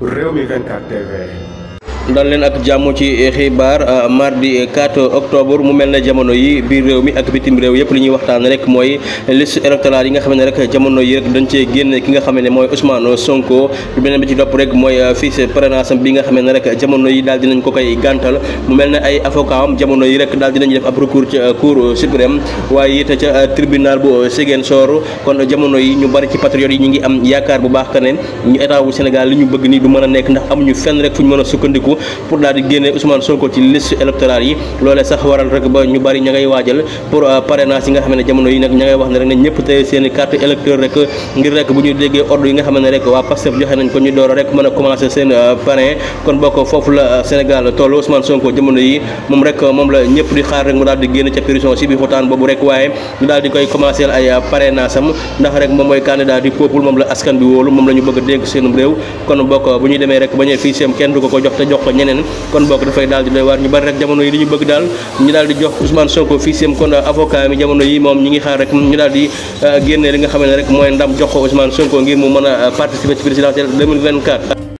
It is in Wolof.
Réumi 24 TV. dal leen ak jàmm ci xibaar euh, mardi 4 octobre mu mel ne jamono yi biir réew mi ak bitim réew yëpp li ñuy waxtaan rek mooy liste électorale yi nga xam ne rek jamono yi rek dañ cee génn ki nga xam ne mooy Ousmane Sonko beneen bi ci topp rek mooy euh, fiche parrainage bi nga xam ne rek jamono yi daal dinañ ko koy gantal mu mel ne ay avocat jamono yi rek daal dinañu def ab recours ca euh, cour suprême waaye it ca tribunal bu Ziguinchor kon jamono yi ñu bari ci patriotes yi ñu ngi am yaakaar bu baax que ne ñu état bu li ñu bëgg nii du mën a nekk ndax amuñu fenn rek fu ñu mën a sukkandiku boobu pour daal di génne Ousmane Sonko ci liste électorale yi loolee sax waral rek ba ñu bari ña ngay waajal pour euh, parrainage yi nga xam jamono yi nag ña ngay wax ne rek ne ñëpp tey seen carte électeur rek ngir rek bu ñu déggee ordre yi nga xam ne rek waa Pastef joxe nañ ko ñu door rek mën a seen euh, parrain kon bokk la euh, Sénégal Ousmane Sonko jamono yi moom rek moom la ñëpp di xaar rek mu daal di génn ca prison si bi xotaan boobu rek waaye ñu daal koy commencé ay parrainage ndax rek candidat du peuple la askan bi wóolu moom la bëgg réew kon bokk bu ñu demee rek bañee fii kenn ko jox jox ko ñeneen kon bokk dafay daal di doy waar ñu bari rek jamono yi li ñu bëgg daal ñu daal jox Ousmane Sonko fii siem kon avocat mi jamono yi moom ñi ngi xaar rek ñu daal di euh, li nga xam ne rek mooy ndam jox ko Ousmane Sonko ngir mu mën a participer ci présidentielle 2024